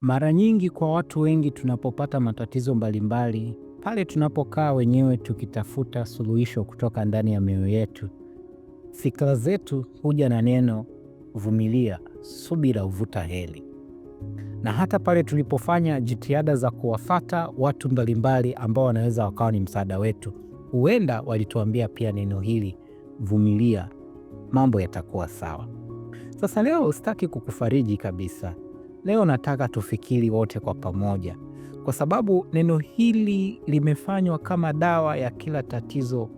Mara nyingi kwa watu wengi tunapopata matatizo mbalimbali, pale tunapokaa wenyewe tukitafuta suluhisho kutoka ndani ya mioyo yetu, fikra zetu huja na neno vumilia, subira huvuta heri. Na hata pale tulipofanya jitihada za kuwafata watu mbalimbali ambao wanaweza wakawa ni msaada wetu, huenda walituambia pia neno hili, vumilia, mambo yatakuwa sawa. Sasa leo sitaki kukufariji kabisa Leo nataka tufikiri wote kwa pamoja, kwa sababu neno hili limefanywa kama dawa ya kila tatizo.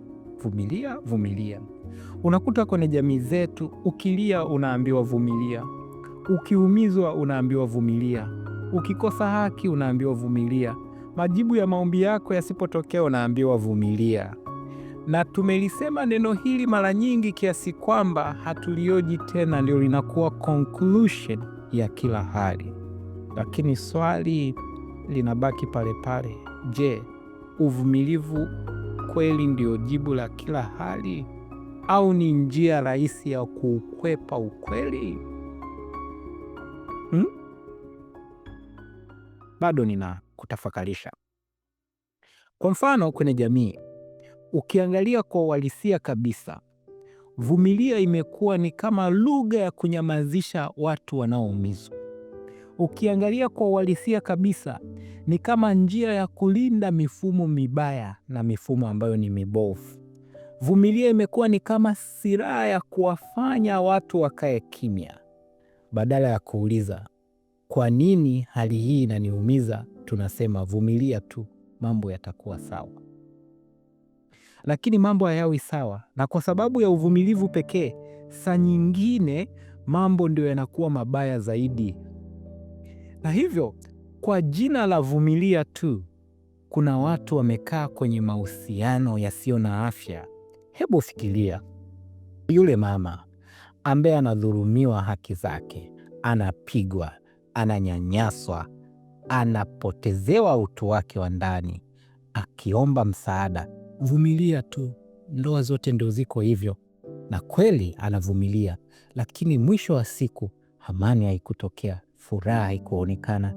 Vumilia, vumilia. Unakuta kwenye jamii zetu, ukilia unaambiwa vumilia, ukiumizwa unaambiwa vumilia, ukikosa haki unaambiwa vumilia, majibu ya maombi yako yasipotokea unaambiwa vumilia. Na tumelisema neno hili mara nyingi kiasi kwamba hatulioji tena, ndio linakuwa conclusion ya kila hali. Lakini swali linabaki pale pale, je, uvumilivu kweli ndio jibu la kila hali au ni njia rahisi ya kuukwepa ukweli? Hmm? Bado nina kutafakarisha. Kwa mfano, kwenye jamii ukiangalia kwa uhalisia kabisa, Vumilia imekuwa ni kama lugha ya kunyamazisha watu wanaoumizwa. Ukiangalia kwa uhalisia kabisa, ni kama njia ya kulinda mifumo mibaya na mifumo ambayo ni mibovu. Vumilia imekuwa ni kama silaha ya kuwafanya watu wakae kimya, badala ya kuuliza kwa nini hali hii inaniumiza. Tunasema vumilia tu, mambo yatakuwa sawa lakini mambo hayawi sawa, na kwa sababu ya uvumilivu pekee, saa nyingine mambo ndio yanakuwa mabaya zaidi. Na hivyo kwa jina la vumilia tu, kuna watu wamekaa kwenye mahusiano yasiyo na afya. Hebu fikiria yule mama ambaye anadhulumiwa haki zake, anapigwa, ananyanyaswa, anapotezewa utu wake wa ndani, akiomba msaada vumilia tu, ndoa zote ndio ziko hivyo. Na kweli anavumilia, lakini mwisho wa siku amani haikutokea, furaha haikuonekana,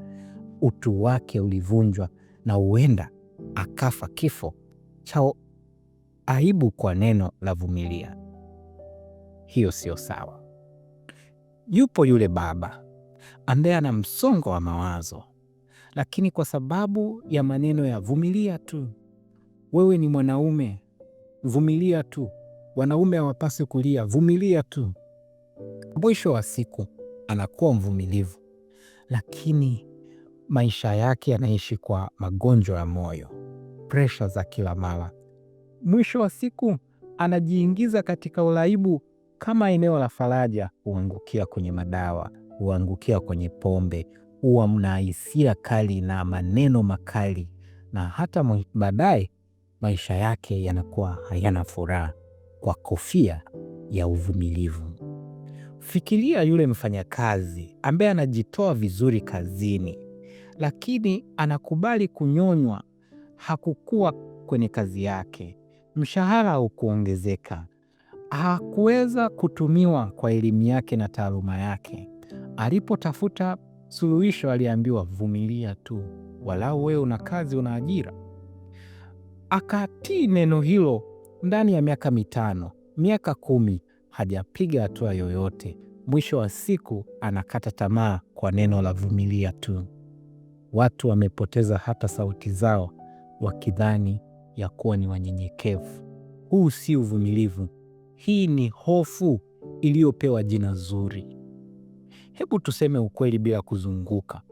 utu wake ulivunjwa, na huenda akafa kifo cha aibu kwa neno la vumilia. Hiyo sio sawa. Yupo yule baba ambaye ana msongo wa mawazo, lakini kwa sababu ya maneno ya vumilia tu wewe ni mwanaume, vumilia tu. Wanaume hawapaswi kulia, vumilia tu. Mwisho wa siku anakuwa mvumilivu, lakini maisha yake yanaishi kwa magonjwa ya moyo, presha za kila mara. Mwisho wa siku anajiingiza katika uraibu. Kama eneo la faraja, huangukia kwenye madawa, huangukia kwenye pombe, huwa mna hisia kali na maneno makali, na hata baadaye maisha yake yanakuwa hayana furaha kwa kofia ya uvumilivu. Fikiria yule mfanyakazi ambaye anajitoa vizuri kazini, lakini anakubali kunyonywa. hakukuwa kwenye kazi yake, mshahara haukuongezeka, hakuweza kutumiwa kwa elimu yake na taaluma yake. Alipotafuta suluhisho, aliambiwa vumilia tu, walau wewe una kazi, una ajira akatii neno hilo, ndani ya miaka mitano, miaka kumi, hajapiga hatua yoyote. Mwisho wa siku anakata tamaa kwa neno la vumilia tu. Watu wamepoteza hata sauti zao wakidhani ya kuwa ni wanyenyekevu. Huu si uvumilivu, hii ni hofu iliyopewa jina zuri. Hebu tuseme ukweli bila kuzunguka.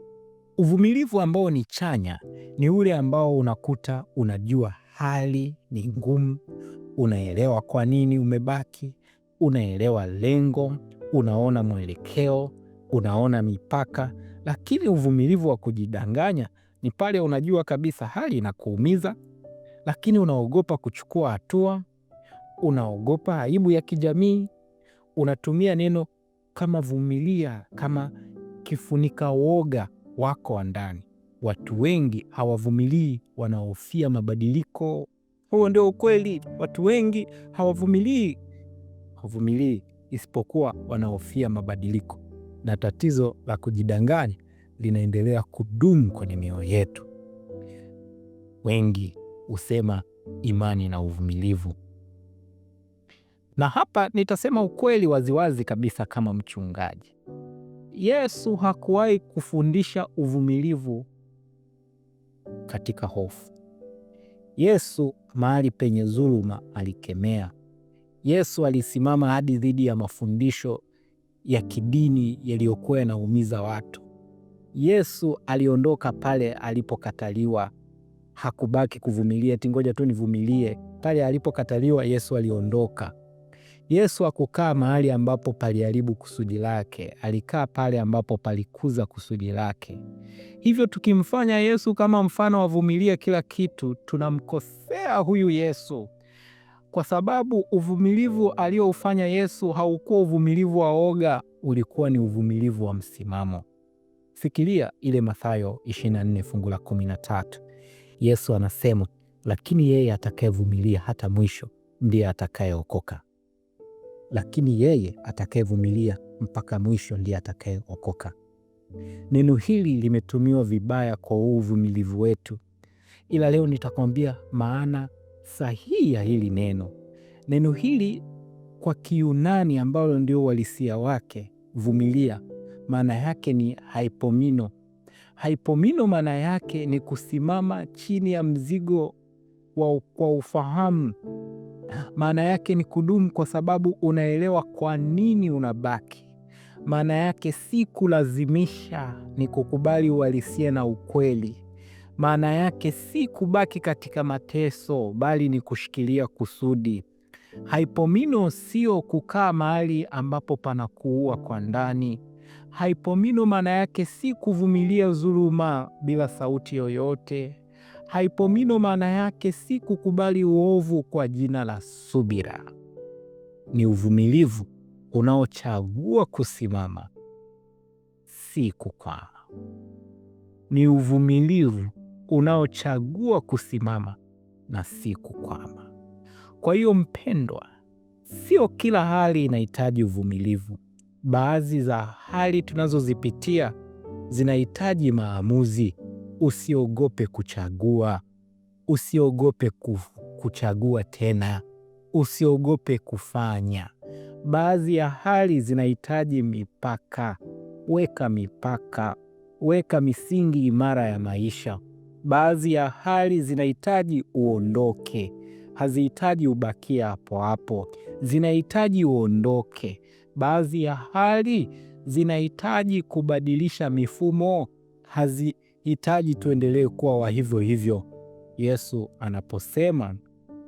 Uvumilivu ambao ni chanya ni ule ambao unakuta unajua hali ni ngumu, unaelewa kwa nini umebaki, unaelewa lengo, unaona mwelekeo, unaona mipaka. Lakini uvumilivu wa kujidanganya ni pale unajua kabisa hali inakuumiza, lakini unaogopa kuchukua hatua, unaogopa aibu ya kijamii. Unatumia neno kama vumilia kama kifunika woga wako wa ndani. Watu wengi hawavumilii, wanahofia mabadiliko. Huo ndio ukweli. Watu wengi hawavumilii, hawavumilii isipokuwa wanahofia mabadiliko, na tatizo la kujidanganya linaendelea kudumu kwenye mioyo yetu. Wengi husema imani na uvumilivu, na hapa nitasema ukweli waziwazi kabisa kama mchungaji. Yesu hakuwahi kufundisha uvumilivu katika hofu. Yesu mahali penye dhuluma alikemea. Yesu alisimama hadi dhidi ya mafundisho ya kidini yaliyokuwa yanaumiza watu. Yesu aliondoka pale alipokataliwa, hakubaki kuvumilia tingoja tu nivumilie. Pale alipokataliwa Yesu aliondoka. Yesu hakukaa mahali ambapo paliharibu kusudi lake, alikaa pale ambapo palikuza kusudi lake. Hivyo tukimfanya Yesu kama mfano wavumilie kila kitu, tunamkosea huyu Yesu, kwa sababu uvumilivu aliyoufanya Yesu haukuwa uvumilivu wa oga, ulikuwa ni uvumilivu wa msimamo. Sikilia ile Mathayo 24 fungu la 13. Yesu anasema, lakini yeye atakayevumilia hata mwisho ndiye atakayeokoka lakini yeye atakayevumilia mpaka mwisho ndiye atakayeokoka. Neno hili limetumiwa vibaya kwa huu uvumilivu wetu, ila leo nitakwambia maana sahihi ya hili neno. Neno hili kwa kiunani ambalo ndio uhalisia wake, vumilia, maana yake ni haipomino. Haipomino maana yake ni kusimama chini ya mzigo wa kwa ufahamu maana yake ni kudumu, kwa sababu unaelewa kwa nini unabaki. Maana yake si kulazimisha, ni kukubali uhalisia na ukweli. Maana yake si kubaki katika mateso, bali ni kushikilia kusudi. Haipomino sio kukaa mahali ambapo panakuua kwa ndani. Haipomino maana yake si kuvumilia dhuluma bila sauti yoyote. Haipomino maana yake si kukubali uovu kwa jina la subira, ni uvumilivu unaochagua kusimama, si kukwama Ni uvumilivu unaochagua kusimama na si kukwama. Kwa hiyo mpendwa, sio kila hali inahitaji uvumilivu. Baadhi za hali tunazozipitia zinahitaji maamuzi. Usiogope kuchagua, usiogope kuchagua tena, usiogope kufanya. Baadhi ya hali zinahitaji mipaka. Weka mipaka, weka misingi imara ya maisha. Baadhi ya hali zinahitaji uondoke, hazihitaji ubakie hapo hapo, zinahitaji uondoke. Baadhi ya hali zinahitaji kubadilisha mifumo hazi hitaji tuendelee kuwa wa hivyo hivyo. Yesu anaposema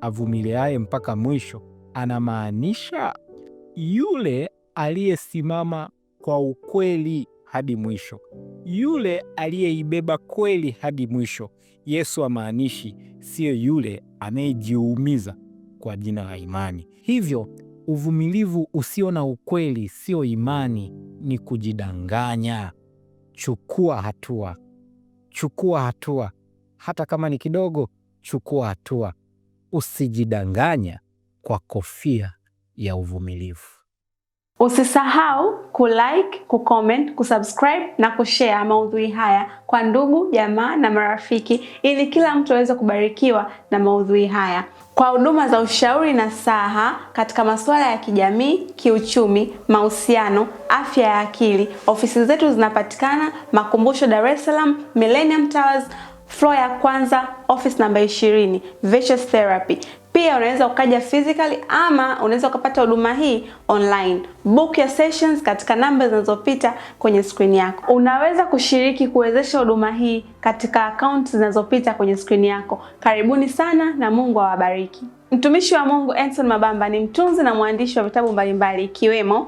avumiliaye mpaka mwisho, anamaanisha yule aliyesimama kwa ukweli hadi mwisho, yule aliyeibeba kweli hadi mwisho. Yesu amaanishi siyo yule anayejiumiza kwa jina la imani. Hivyo uvumilivu usio na ukweli sio imani, ni kujidanganya. Chukua hatua chukua hatua, hata kama ni kidogo, chukua hatua. Usijidanganya kwa kofia ya uvumilivu. Usisahau kulike, kucomment, kusubscribe na kushare maudhui haya kwa ndugu, jamaa na marafiki ili kila mtu aweze kubarikiwa na maudhui haya kwa huduma za ushauri na saha katika masuala ya kijamii, kiuchumi, mahusiano, afya ya akili. Ofisi zetu zinapatikana Makumbusho, Dar es Salaam, Millennium Towers, floor ya kwanza, office namba 20, Vicious Therapy. Pia unaweza ukaja physically ama unaweza ukapata huduma hii online. Book your sessions katika namba zinazopita kwenye screen yako. Unaweza kushiriki kuwezesha huduma hii katika akaunti zinazopita kwenye screen yako. Karibuni sana na Mungu awabariki. Mtumishi wa Mungu Enson Mabamba ni mtunzi na mwandishi wa vitabu mbalimbali ikiwemo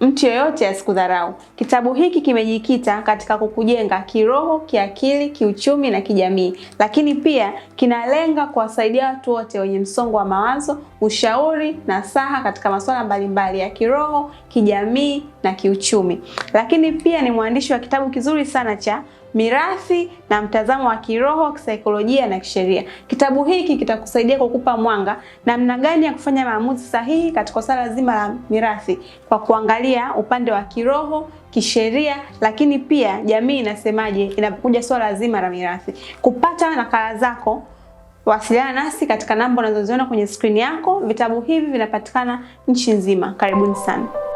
Mtu yoyote asikudharau. Kitabu hiki kimejikita katika kukujenga kiroho, kiakili, kiuchumi na kijamii, lakini pia kinalenga kuwasaidia watu wote wenye msongo wa mawazo, ushauri na saha katika masuala mbalimbali ya kiroho, kijamii na kiuchumi. Lakini pia ni mwandishi wa kitabu kizuri sana cha mirathi na mtazamo wa kiroho, kisaikolojia na kisheria. Kitabu hiki kitakusaidia kukupa mwanga namna gani ya kufanya maamuzi sahihi katika swala zima la mirathi kwa kuangalia upande wa kiroho, kisheria, lakini pia jamii inasemaje inapokuja swala zima la mirathi. Kupata nakala zako Wasiliana nasi katika namba unazoziona kwenye skrini yako. Vitabu hivi vinapatikana nchi nzima. Karibuni sana.